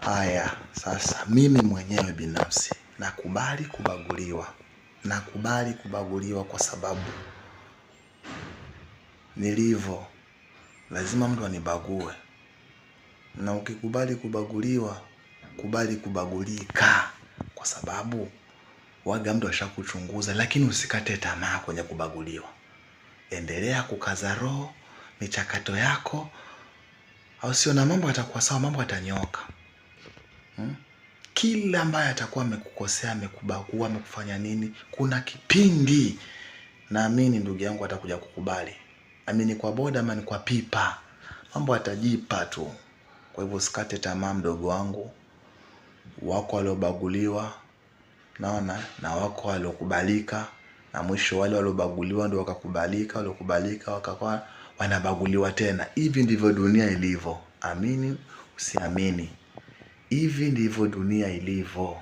Haya, sasa mimi mwenyewe binafsi nakubali kubaguliwa. Nakubali kubaguliwa kwa sababu nilivyo, lazima mtu anibague. Na ukikubali kubaguliwa, kubali kubagulika, kwa sababu waga mtu ashakuchunguza. Lakini usikate tamaa kwenye kubaguliwa, endelea kukaza roho, michakato yako, au sio? Na mambo yatakuwa sawa, mambo yatanyooka. Hmm? Kila ambaye atakuwa amekukosea, amekubagua, amekufanya nini, kuna kipindi naamini ndugu yangu atakuja kukubali, amini kwa boda ama ni kwa pipa, mambo atajipa tu. Kwa hivyo sikate tamaa, mdogo wangu. Wako waliobaguliwa naona na wako waliokubalika, na mwisho wale waliobaguliwa ndio wakakubalika, waliokubalika wakakuwa wanabaguliwa tena. Hivi ndivyo dunia ilivyo, amini usiamini. Hivi ndivyo dunia ilivyo.